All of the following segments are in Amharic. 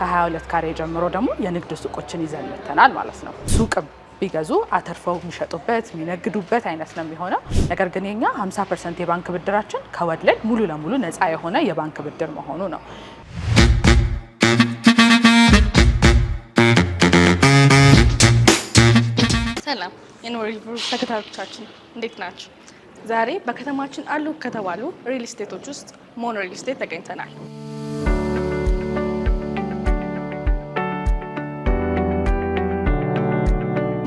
ከ22 ካሬ ጀምሮ ደግሞ የንግድ ሱቆችን ይዘን መጥተናል ማለት ነው። ሱቅ ቢገዙ አተርፈው የሚሸጡበት የሚነግዱበት አይነት ነው የሚሆነው። ነገር ግን የኛ 50 ፐርሰንት የባንክ ብድራችን ከወለድ ሙሉ ለሙሉ ነፃ የሆነ የባንክ ብድር መሆኑ ነው። ሰላም የኖሬል ብሩ ተከታዮቻችን እንዴት ናቸው? ዛሬ በከተማችን አሉ ከተባሉ ሪል ስቴቶች ውስጥ ሞን ሪል ስቴት ተገኝተናል።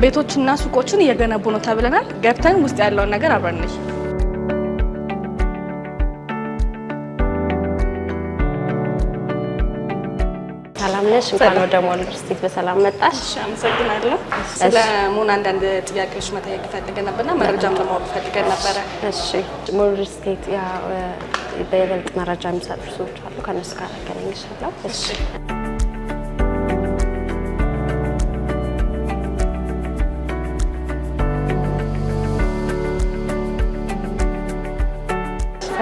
ቤቶችና ሱቆችን እየገነቡ ነው ተብለናል። ገብተን ውስጥ ያለውን ነገር አብረንሽ ነይ ሰላም ነሽ? እንኳን ወደ ሞል ዩኒቨርሲቲ በሰላም መጣሽ። አመሰግናለሁ። ስለ ሙን አንዳንድ ጥያቄዎች መጠየቅ ፈልገን ነበርና መረጃም ለማወቅ ፈልገን ነበረ። እሺ፣ ሞል ዩኒቨርሲቲ በይበልጥ መረጃ የሚሰጡ ሰዎች አሉ። ከነሱ ጋር አገናኝሻለሁ። እሺ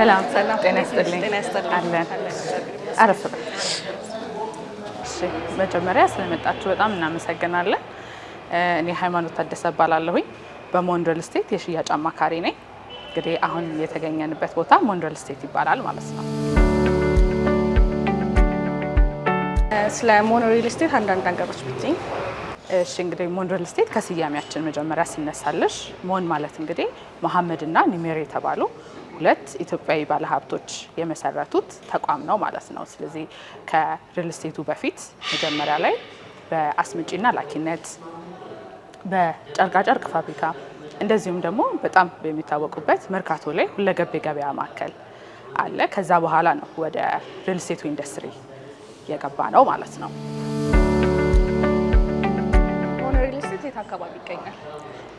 ሰላም ሰላም፣ ጤና ይስጥልኝ አለን። አረፍ መጀመሪያ ስለመጣችሁ በጣም እናመሰግናለን። እኔ ሃይማኖት ታደሰ እባላለሁኝ በሞንዶል ስቴት የሽያጭ አማካሪ ነኝ። እንግዲህ አሁን የተገኘንበት ቦታ ሞንዶል ስቴት ይባላል ማለት ነው። ስለ ሞኖሪል ስቴት አንዳንድ ነገሮች ብትይኝ። እሺ እንግዲህ ሞንዶል ስቴት ከስያሜያችን መጀመሪያ ስነሳለሽ ሞን ማለት እንግዲህ መሐመድ እና ኒሜር የተባሉ ሁለት ኢትዮጵያዊ ባለሀብቶች የመሰረቱት ተቋም ነው ማለት ነው። ስለዚህ ከሪልስቴቱ በፊት መጀመሪያ ላይ በአስምጪና ላኪነት፣ በጨርቃጨርቅ ፋብሪካ እንደዚሁም ደግሞ በጣም በሚታወቁበት መርካቶ ላይ ሁለገብ የገበያ ማዕከል አለ። ከዛ በኋላ ነው ወደ ሪልስቴቱ ኢንዱስትሪ የገባ ነው ማለት ነው። ሪልስቴት የት አካባቢ ይገኛል?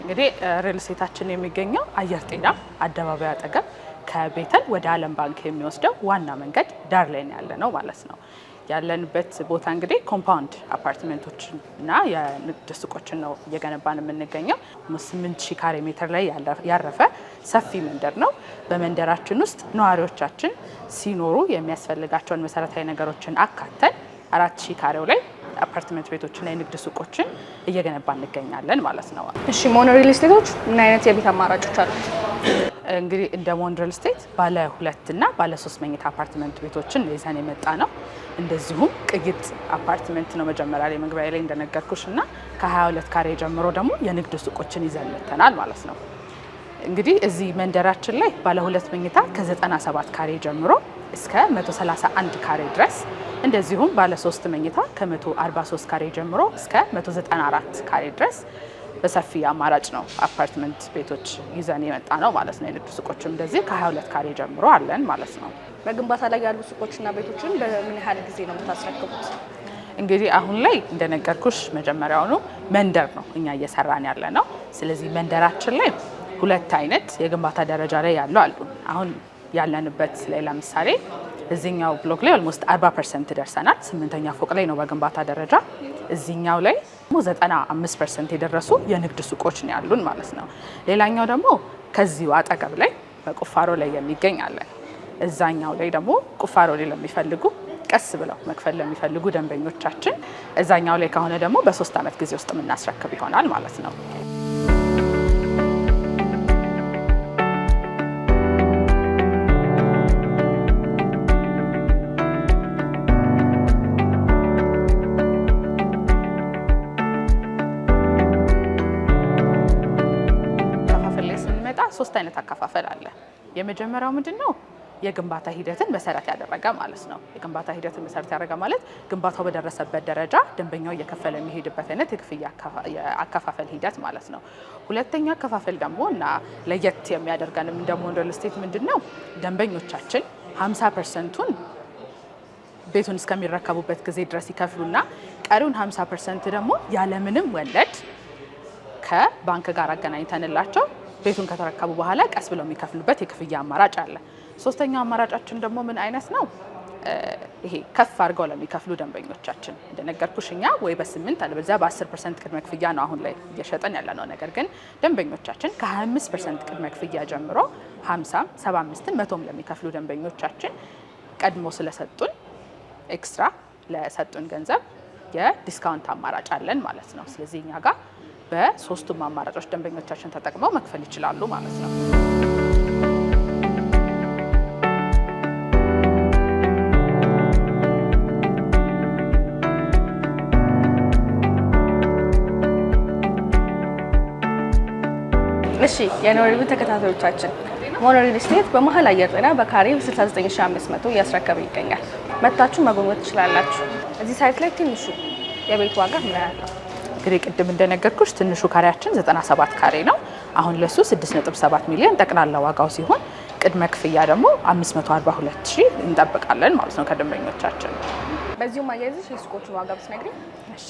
እንግዲህ ሪል ስቴታችን የሚገኘው አየር ጤና አደባባይ አጠገብ ከቤተል ወደ አለም ባንክ የሚወስደው ዋና መንገድ ዳር ላይ ያለ ነው ማለት ነው። ያለንበት ቦታ እንግዲህ ኮምፓውንድ አፓርትመንቶች እና የንግድ ሱቆችን ነው እየገነባን የምንገኘው። ስምንት ሺ ካሬ ሜትር ላይ ያረፈ ሰፊ መንደር ነው። በመንደራችን ውስጥ ነዋሪዎቻችን ሲኖሩ የሚያስፈልጋቸውን መሰረታዊ ነገሮችን አካተን አራት ሺ ካሬው ላይ አፓርትመንት ቤቶችና የንግድ ሱቆችን እየገነባ እንገኛለን ማለት ነው። እሺ፣ ሞኖ ሪል ስቴቶች ምን አይነት የቤት አማራጮች አሉት? እንግዲህ እንደ ሞንድረል ስቴት ባለ ሁለት እና ባለ ሶስት መኝታ አፓርትመንት ቤቶችን ይዘን የመጣ ነው። እንደዚሁም ቅይጥ አፓርትመንት ነው መጀመሪያ ላይ መግቢያ ላይ እንደነገርኩሽ እና ከ22 ካሬ ጀምሮ ደግሞ የንግድ ሱቆችን ይዘን መጥተናል ማለት ነው። እንግዲህ እዚህ መንደራችን ላይ ባለ ሁለት መኝታ ከ97 ካሬ ጀምሮ እስከ 131 ካሬ ድረስ እንደዚሁም ባለ ሶስት መኝታ ከ143 ካሬ ጀምሮ እስከ 194 ካሬ ድረስ በሰፊ አማራጭ ነው አፓርትመንት ቤቶች ይዘን የመጣ ነው ማለት ነው። የንግድ ሱቆችም እንደዚህ ከ22 ካሬ ጀምሮ አለን ማለት ነው። በግንባታ ላይ ያሉ ሱቆችና ቤቶችን በምን ያህል ጊዜ ነው የምታስረክቡት? እንግዲህ አሁን ላይ እንደነገርኩሽ መጀመሪያውኑ መንደር ነው እኛ እየሰራን ያለ ነው። ስለዚህ መንደራችን ላይ ሁለት አይነት የግንባታ ደረጃ ላይ ያሉ አሉ። አሁን ያለንበት ላይ ለምሳሌ እዚኛው ብሎክ ላይ ኦልሞስት 40 ፐርሰንት ደርሰናል። ስምንተኛ ፎቅ ላይ ነው በግንባታ ደረጃ እዚኛው ላይ ደግሞ 95 ፐርሰንት የደረሱ የንግድ ሱቆች ነው ያሉን ማለት ነው። ሌላኛው ደግሞ ከዚሁ አጠገብ ላይ በቁፋሮ ላይ የሚገኝ አለን። እዛኛው ላይ ደግሞ ቁፋሮ ላይ ለሚፈልጉ ቀስ ብለው መክፈል ለሚፈልጉ ደንበኞቻችን እዛኛው ላይ ከሆነ ደግሞ በሶስት ዓመት ጊዜ ውስጥ የምናስረክብ ይሆናል ማለት ነው። ሶስት አይነት አከፋፈል አለ። የመጀመሪያው ምንድን ነው? የግንባታ ሂደትን መሰረት ያደረገ ማለት ነው። የግንባታ ሂደትን መሰረት ያደረገ ማለት ግንባታው በደረሰበት ደረጃ ደንበኛው እየከፈለ የሚሄድበት አይነት የክፍያ አከፋፈል ሂደት ማለት ነው። ሁለተኛ አከፋፈል ደግሞ እና ለየት የሚያደርገንም እንደሞ ሞንደል ስቴት ምንድን ነው ደንበኞቻችን 50 ፐርሰንቱን ቤቱን እስከሚረከቡበት ጊዜ ድረስ ይከፍሉና ቀሪውን 50 ፐርሰንት ደግሞ ያለምንም ወለድ ከባንክ ጋር አገናኝተንላቸው ቤቱን ከተረከቡ በኋላ ቀስ ብለው የሚከፍሉበት የክፍያ አማራጭ አለ። ሶስተኛው አማራጫችን ደግሞ ምን አይነት ነው? ይሄ ከፍ አድርገው ለሚከፍሉ ደንበኞቻችን እንደነገርኩሽ እኛ ወይ በስምንት አለበለዚያ በአስር ፐርሰንት ቅድመ ክፍያ ነው አሁን ላይ እየሸጠን ያለ ነው። ነገር ግን ደንበኞቻችን ከ አምስት ፐርሰንት ቅድመ ክፍያ ጀምሮ ሀምሳም ሰባ አምስትም መቶም ለሚከፍሉ ደንበኞቻችን ቀድሞ ስለሰጡን ኤክስትራ ለሰጡን ገንዘብ የዲስካውንት አማራጭ አለን ማለት ነው። ስለዚህ እኛ ጋር በሶስቱም አማራጮች ደንበኞቻችን ተጠቅመው መክፈል ይችላሉ ማለት ነው። እሺ የኖርቪው ተከታታዮቻችን ሞኖ ሪል ስቴት በመሀል አየር ጤና በካሬ 69500 እያስረከበ ይገኛል። መታችሁ መጎብኘት ትችላላችሁ። እዚህ ሳይት ላይ ትንሹ የቤት ዋጋ ምን ያህል ነው? እንግዲህ ቅድም እንደነገርኩሽ ትንሹ ካሬያችን 97 ካሬ ነው። አሁን ለሱ 6.7 ሚሊዮን ጠቅላላ ዋጋው ሲሆን ቅድመ ክፍያ ደግሞ 542 ሺህ እንጠብቃለን ማለት ነው ከደንበኞቻችን። በዚሁም አያይዘሽ የሱቆቹን ዋጋ ብትነግሪኝ። እሺ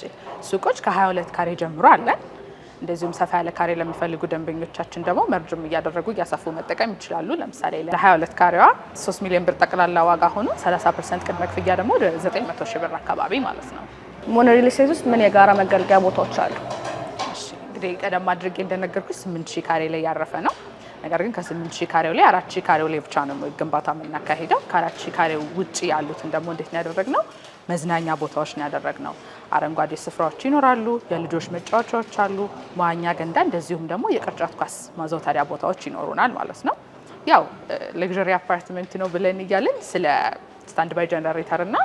ሱቆች ከ22 ካሬ ጀምሮ አለን። እንደዚሁም ሰፋ ያለ ካሬ ለሚፈልጉ ደንበኞቻችን ደግሞ መርጅም እያደረጉ እያሰፉ መጠቀም ይችላሉ። ለምሳሌ ለ22 ካሬዋ 3 ሚሊዮን ብር ጠቅላላ ዋጋ ሆኖ 30 ፐርሰንት ቅድመ ክፍያ ደግሞ 900 ሺህ ብር አካባቢ ማለት ነው። ሞኖ ስቴት ውስጥ ምን የጋራ መገልገያ ቦታዎች አሉ? እንግዲህ ቀደም አድርጌ እንደነገርኩሽ ስምንት ሺህ ካሬ ላይ ያረፈ ነው። ነገር ግን ከስምንት ሺህ ካሬው ላይ አራት ሺህ ካሬው ላይ ብቻ ነው ግንባታ የምናካሄደው። ከአራት ሺህ ካሬው ውጭ ያሉትን ደግሞ እንዴት ነው ያደረግነው? መዝናኛ ቦታዎች ነው ያደረግነው። አረንጓዴ ስፍራዎች ይኖራሉ፣ የልጆች መጫወቻዎች አሉ፣ መዋኛ ገንዳ፣ እንደዚሁም ደግሞ የቅርጫት ኳስ ማዘውተሪያ ቦታዎች ይኖሩናል ማለት ነው። ያው ለግዠሪ አፓርትመንት ነው ብለን እያለን ስለ ስታንድ ባይ ጀነሬተር እና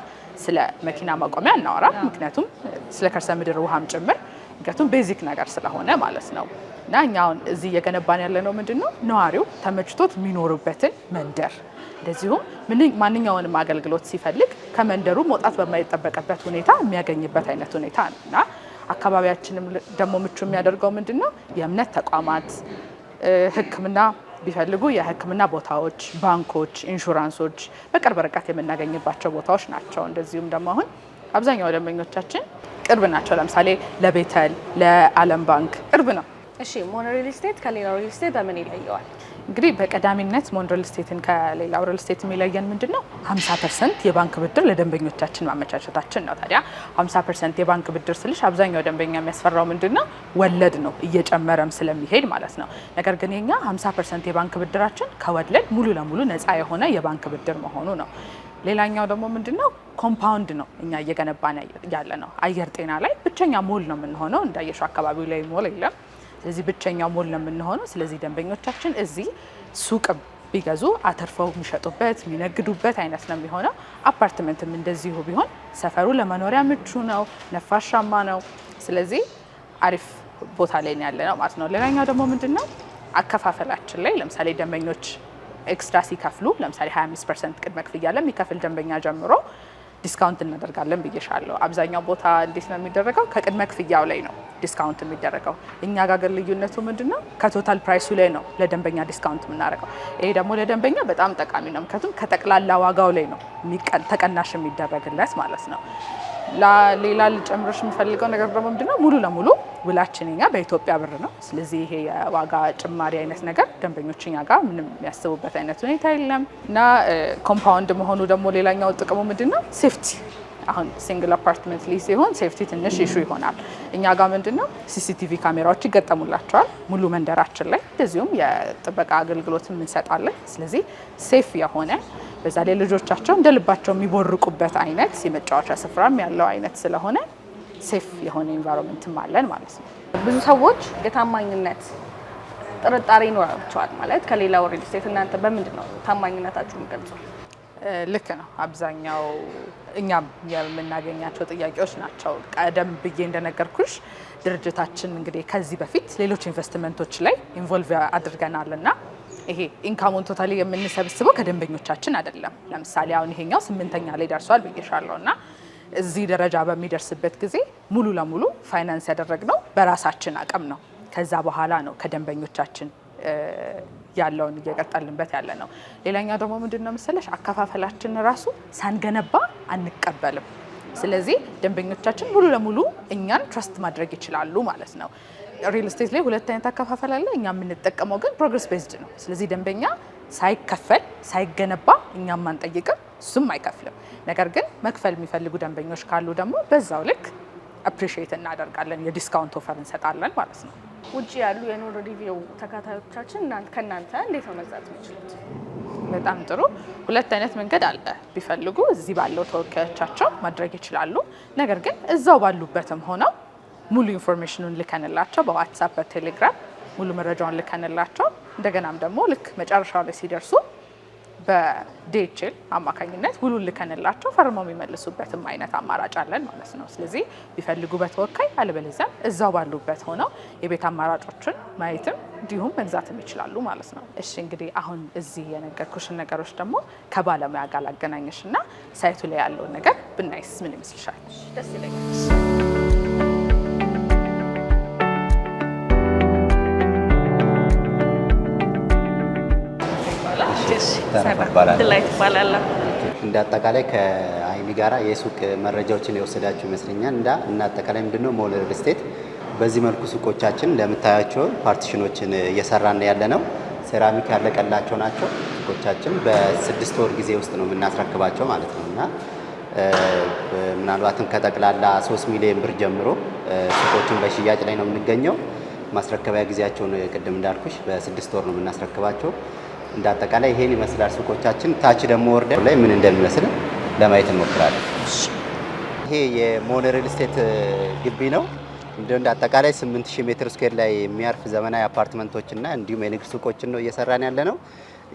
ስለ መኪና ማቆሚያ እናወራ፣ ምክንያቱም ስለ ከርሰ ምድር ውሃም ጭምር ምክንያቱም ቤዚክ ነገር ስለሆነ ማለት ነው። እና እኛ አሁን እዚህ እየገነባን ያለ ነው ምንድን ነው ነዋሪው ተመችቶት የሚኖርበትን መንደር እንደዚሁም ማንኛውንም አገልግሎት ሲፈልግ ከመንደሩ መውጣት በማይጠበቅበት ሁኔታ የሚያገኝበት አይነት ሁኔታ ነው እና አካባቢያችንም ደግሞ ምቹ የሚያደርገው ምንድን ነው የእምነት ተቋማት ሕክምና ቢፈልጉ የሕክምና ቦታዎች፣ ባንኮች፣ ኢንሹራንሶች በቅርብ ርቀት የምናገኝባቸው ቦታዎች ናቸው። እንደዚሁም ደግሞ አሁን አብዛኛው ደንበኞቻችን ቅርብ ናቸው። ለምሳሌ ለቤተል፣ ለዓለም ባንክ ቅርብ ነው። እሺ ሞኖ ሪል ስቴት ከሌላው ሪል ስቴት በምን ይለየዋል? እንግዲህ በቀዳሚነት ሞንድ ስቴትን ከሌላው ሪል ስቴት የሚለየን ምንድን ነው? 50 ፐርሰንት የባንክ ብድር ለደንበኞቻችን ማመቻቸታችን ነው። ታዲያ 50 ፐርሰንት የባንክ ብድር ስልሽ አብዛኛው ደንበኛ የሚያስፈራው ምንድን ነው? ወለድ ነው፣ እየጨመረም ስለሚሄድ ማለት ነው። ነገር ግን የኛ 50 ፐርሰንት የባንክ ብድራችን ከወለድ ሙሉ ለሙሉ ነፃ የሆነ የባንክ ብድር መሆኑ ነው። ሌላኛው ደግሞ ምንድነው? ኮምፓውንድ ነው እኛ እየገነባን ያለ ነው። አየር ጤና ላይ ብቸኛ ሞል ነው የምንሆነው። እንዳየሽው አካባቢው ላይ ሞል የለም። ስለዚህ ብቸኛው ሞል ነው የምንሆነው። ስለዚህ ደንበኞቻችን እዚህ ሱቅ ቢገዙ አተርፈው የሚሸጡበት የሚነግዱበት አይነት ነው የሚሆነው። አፓርትመንትም እንደዚሁ ቢሆን ሰፈሩ ለመኖሪያ ምቹ ነው፣ ነፋሻማ ነው። ስለዚህ አሪፍ ቦታ ላይ ያለ ነው ማለት ነው። ሌላኛው ደግሞ ምንድን ነው አከፋፈላችን ላይ ለምሳሌ ደንበኞች ኤክስትራ ሲከፍሉ ለምሳሌ 25 ፐርሰንት ቅድመ ክፍያ ለሚከፍል ደንበኛ ጀምሮ ዲስካውንት እናደርጋለን ብዬሻለሁ። አብዛኛው ቦታ እንዴት ነው የሚደረገው? ከቅድመ ክፍያው ላይ ነው ዲስካውንት የሚደረገው። እኛ ጋር ልዩነቱ ምንድን ነው? ከቶታል ፕራይሱ ላይ ነው ለደንበኛ ዲስካውንት የምናደርገው። ይሄ ደግሞ ለደንበኛ በጣም ጠቃሚ ነው፣ ምክንያቱም ከጠቅላላ ዋጋው ላይ ነው ተቀናሽ የሚደረግለት ማለት ነው። ሌላ ልጨምርሽ የምፈልገው ነገር ደግሞ ምንድነው ሙሉ ለሙሉ ውላችን ኛ በኢትዮጵያ ብር ነው። ስለዚህ ይሄ የዋጋ ጭማሪ አይነት ነገር ደንበኞች ኛ ጋር ምንም የሚያስቡበት አይነት ሁኔታ የለም እና ኮምፓውንድ መሆኑ ደግሞ ሌላኛው ጥቅሙ ምንድነው ሴፍቲ አሁን ሲንግል አፓርትመንት ሊ ሲሆን ሴፍቲ ትንሽ ኢሹ ይሆናል። እኛ ጋር ምንድነው ሲሲቲቪ ካሜራዎች ይገጠሙላቸዋል ሙሉ መንደራችን ላይ፣ እንደዚሁም የጥበቃ አገልግሎትም እንሰጣለን። ስለዚህ ሴፍ የሆነ በዛ ላይ ልጆቻቸው እንደ ልባቸው የሚቦርቁበት አይነት የመጫወቻ ስፍራም ያለው አይነት ስለሆነ ሴፍ የሆነ ኢንቫይሮንመንትም አለን ማለት ነው። ብዙ ሰዎች የታማኝነት ጥርጣሬ ይኖራቸዋል። ማለት ከሌላው ሪል ስቴት እናንተ በምንድን ነው ታማኝነታችሁ የሚገልጹ? ልክ ነው። አብዛኛው እኛም የምናገኛቸው ጥያቄዎች ናቸው። ቀደም ብዬ እንደነገርኩሽ ድርጅታችን እንግዲህ ከዚህ በፊት ሌሎች ኢንቨስትመንቶች ላይ ኢንቮልቭ አድርገናል እና ይሄ ኢንካሙን ቶታሊ የምንሰብስበው ከደንበኞቻችን አይደለም። ለምሳሌ አሁን ይሄኛው ስምንተኛ ላይ ደርሷል ብዬሻለሁ እና እዚህ ደረጃ በሚደርስበት ጊዜ ሙሉ ለሙሉ ፋይናንስ ያደረግነው በራሳችን አቅም ነው። ከዛ በኋላ ነው ከደንበኞቻችን ያለውን እየቀጠልንበት ያለ ነው። ሌላኛው ደግሞ ምንድን ነው መሰለሽ አከፋፈላችን ራሱ ሳንገነባ አንቀበልም። ስለዚህ ደንበኞቻችን ሙሉ ለሙሉ እኛን ትረስት ማድረግ ይችላሉ ማለት ነው። ሪል ስቴት ላይ ሁለት አይነት አከፋፈል አለ። እኛ የምንጠቀመው ግን ፕሮግረስ ቤዝድ ነው። ስለዚህ ደንበኛ ሳይከፈል ሳይገነባ እኛም አንጠይቅም፣ እሱም አይከፍልም። ነገር ግን መክፈል የሚፈልጉ ደንበኞች ካሉ ደግሞ በዛው ልክ አፕሪሺየት እናደርጋለን፣ የዲስካውንት ኦፈር እንሰጣለን ማለት ነው። ውጭ ያሉ የኑር ሪቪው ተከታዮቻችን ከእናንተ እንዴት ነው መግዛት የሚችሉት? በጣም ጥሩ። ሁለት አይነት መንገድ አለ። ቢፈልጉ እዚህ ባለው ተወካዮቻቸው ማድረግ ይችላሉ። ነገር ግን እዛው ባሉበትም ሆነው ሙሉ ኢንፎርሜሽኑን ልከንላቸው በዋትሳፕ በቴሌግራም ሙሉ መረጃውን ልከንላቸው እንደገናም ደግሞ ልክ መጨረሻው ላይ ሲደርሱ በዲኤችኤል አማካኝነት ውሉን ልከንላቸው ፈርመው የሚመልሱበትም አይነት አማራጭ አለን ማለት ነው። ስለዚህ ቢፈልጉ በተወካይ አለበለዚያም እዛው ባሉበት ሆነው የቤት አማራጮችን ማየትም እንዲሁም መግዛትም ይችላሉ ማለት ነው። እሺ እንግዲህ አሁን እዚህ የነገርኩሽን ነገሮች ደግሞ ከባለሙያ ጋር ላገናኘሽ እና ሳይቱ ላይ ያለውን ነገር ብናይስ ምን ይመስልሻል? ደስ ይለኛል። እንደ አጠቃላይ ከአይሚ ጋራ የሱቅ መረጃዎችን የወሰዳችሁ ይመስለኛል። እና አጠቃላይ ምንድነው ሞል ሪል ስቴት በዚህ መልኩ ሱቆቻችን እንደምታያቸው ፓርቲሽኖችን እየሰራን ያለ ነው። ሴራሚክ ያለቀላቸው ናቸው ሱቆቻችን። በስድስት ወር ጊዜ ውስጥ ነው የምናስረክባቸው ማለት ነው እና ምናልባትም ከጠቅላላ ሶስት ሚሊዮን ብር ጀምሮ ሱቆችን በሽያጭ ላይ ነው የምንገኘው። ማስረከቢያ ጊዜያቸውን ቅድም እንዳልኩሽ በስድስት ወር ነው የምናስረክባቸው። እንዳጠቃላይ ይሄን ይመስላል ሱቆቻችን። ታች ደግሞ ወርደን ላይ ምን እንደሚመስል ለማየት እንሞክራለን። ይሄ ሪል ስቴት ግቢ ነው። እንደ አጠቃላይ 8000 ሜትር ስኩዌር ላይ የሚያርፍ ዘመናዊ አፓርትመንቶችና እንዲሁም የንግድ ሱቆችን ነው እየሰራን ያለ ነው።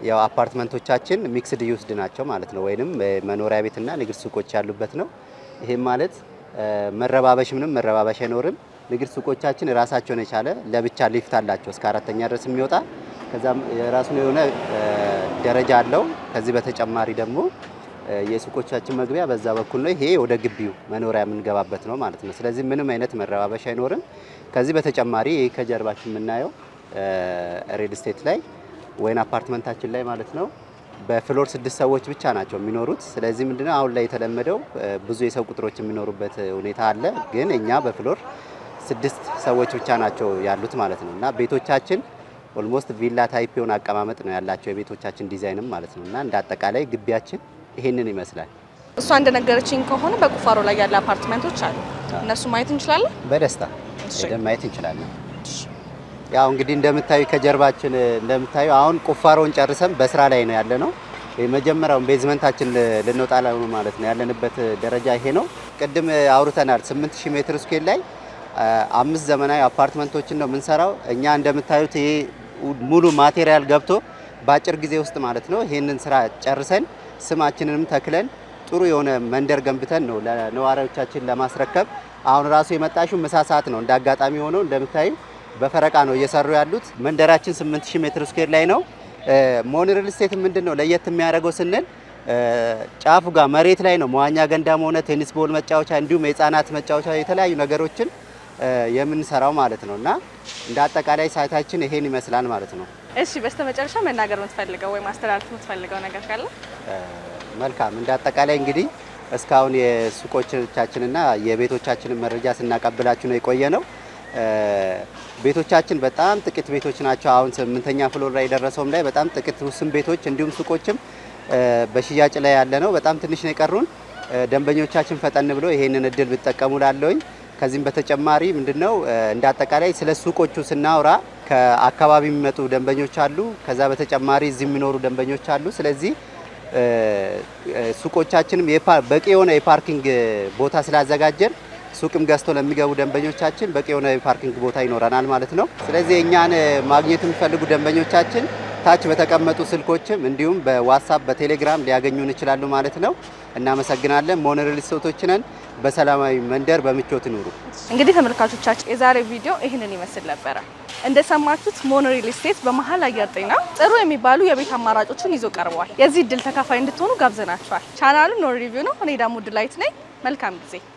ያው አፓርትመንቶቻችን ሚክስድ ዩስድ ናቸው ማለት ነው፣ ወይንም መኖሪያ ቤትና ንግድ ሱቆች ያሉበት ነው። ይህም ማለት መረባበሽ ምንም መረባበሽ አይኖርም። ንግድ ሱቆቻችን ራሳቸውን የቻለ ለብቻ ሊፍት አላቸው እስከ አራተኛ ድረስ የሚወጣ ከዛም የራሱን የሆነ ደረጃ አለው። ከዚህ በተጨማሪ ደግሞ የሱቆቻችን መግቢያ በዛ በኩል ነው። ይሄ ወደ ግቢው መኖሪያ የምንገባበት ነው ማለት ነው። ስለዚህ ምንም አይነት መረባበሽ አይኖርም። ከዚህ በተጨማሪ ይህ ከጀርባችን የምናየው ሬል ስቴት ላይ ወይን አፓርትመንታችን ላይ ማለት ነው በፍሎር ስድስት ሰዎች ብቻ ናቸው የሚኖሩት። ስለዚህ ምንድነው አሁን ላይ የተለመደው ብዙ የሰው ቁጥሮች የሚኖሩበት ሁኔታ አለ። ግን እኛ በፍሎር ስድስት ሰዎች ብቻ ናቸው ያሉት ማለት ነው እና ቤቶቻችን ኦልሞስት ቪላ ታይፕ የሆነ አቀማመጥ ነው ያላቸው የቤቶቻችን ዲዛይንም ማለት ነው እና እንደ አጠቃላይ ግቢያችን ይሄንን ይመስላል። እሷ እንደነገረችኝ ከሆነ በቁፋሮ ላይ ያለ አፓርትመንቶች አሉ። እነሱ ማየት እንችላለን። በደስታ ሄደን ማየት እንችላለን። ያው እንግዲህ እንደምታዩ ከጀርባችን እንደምታዩ አሁን ቁፋሮን ጨርሰን በስራ ላይ ነው ያለ ነው። የመጀመሪያውን ቤዝመንታችን ልንወጣ ነው ማለት ነው። ያለንበት ደረጃ ይሄ ነው። ቅድም አውርተናል። 8000 ሜትር ስኬል ላይ አምስት ዘመናዊ አፓርትመንቶችን ነው የምንሰራው እኛ እንደምታዩት ይሄ ሙሉ ማቴሪያል ገብቶ በአጭር ጊዜ ውስጥ ማለት ነው ይህንን ስራ ጨርሰን ስማችንንም ተክለን ጥሩ የሆነ መንደር ገንብተን ነው ለነዋሪዎቻችን ለማስረከብ። አሁን ራሱ የመጣሽው ምሳ ሰዓት ነው። እንደ አጋጣሚ ሆኖ እንደምታዩ በፈረቃ ነው እየሰሩ ያሉት። መንደራችን 8000 ሜትር ስኩዌር ላይ ነው። ሞን ሪል ስቴት ምንድን ነው ለየት የሚያደርገው ስንል ጫፉ ጋር መሬት ላይ ነው መዋኛ ገንዳም ሆነ ቴኒስ ቦል መጫወቻ እንዲሁም የህፃናት መጫወቻ የተለያዩ ነገሮችን የምንሰራው ማለት ነው እና እንደ አጠቃላይ ሳይታችን ይሄን ይመስላል ማለት ነው። እሺ፣ በስተመጨረሻ መናገር የምትፈልገው ወይም ማስተላለፍ የምትፈልገው ነገር ካለ? መልካም እንደ አጠቃላይ እንግዲህ እስካሁን የሱቆቻችንና የቤቶቻችንን መረጃ ስናቀብላችሁ ነው የቆየ ነው። ቤቶቻችን በጣም ጥቂት ቤቶች ናቸው። አሁን ስምንተኛ ፍሎር ላይ የደረሰውም ላይ በጣም ጥቂት ውስን ቤቶች እንዲሁም ሱቆችም በሽያጭ ላይ ያለ ነው። በጣም ትንሽ ነው የቀሩን። ደንበኞቻችን ፈጠን ብሎ ይሄንን እድል ብጠቀሙ ላለውኝ ከዚህም በተጨማሪ ምንድነው እንደ አጠቃላይ ስለ ሱቆቹ ስናወራ ከአካባቢ የሚመጡ ደንበኞች አሉ። ከዛ በተጨማሪ እዚህ የሚኖሩ ደንበኞች አሉ። ስለዚህ ሱቆቻችንም በቂ የሆነ የፓርኪንግ ቦታ ስላዘጋጀን ሱቅም ገዝቶ ለሚገቡ ደንበኞቻችን በቂ የሆነ የፓርኪንግ ቦታ ይኖረናል ማለት ነው። ስለዚህ እኛን ማግኘት የሚፈልጉ ደንበኞቻችን ታች በተቀመጡ ስልኮችም እንዲሁም በዋትሳፕ በቴሌግራም ሊያገኙን ይችላሉ ማለት ነው። እናመሰግናለን። ሞኖሪል ሶቶች ነን። በሰላማዊ መንደር በምቾት ኑሩ። እንግዲህ ተመልካቾቻችን የዛሬ ቪዲዮ ይህንን ይመስል ነበረ። እንደሰማችሁት ሞኖሪል ስቴት በመሀል አየር ጤና ጥሩ የሚባሉ የቤት አማራጮችን ይዞ ቀርበዋል። የዚህ እድል ተካፋይ እንድትሆኑ ጋብዘናችኋል። ቻናሉ ኖር ሪቪው ነው። እኔ ደግሞ ድላይት ነኝ። መልካም ጊዜ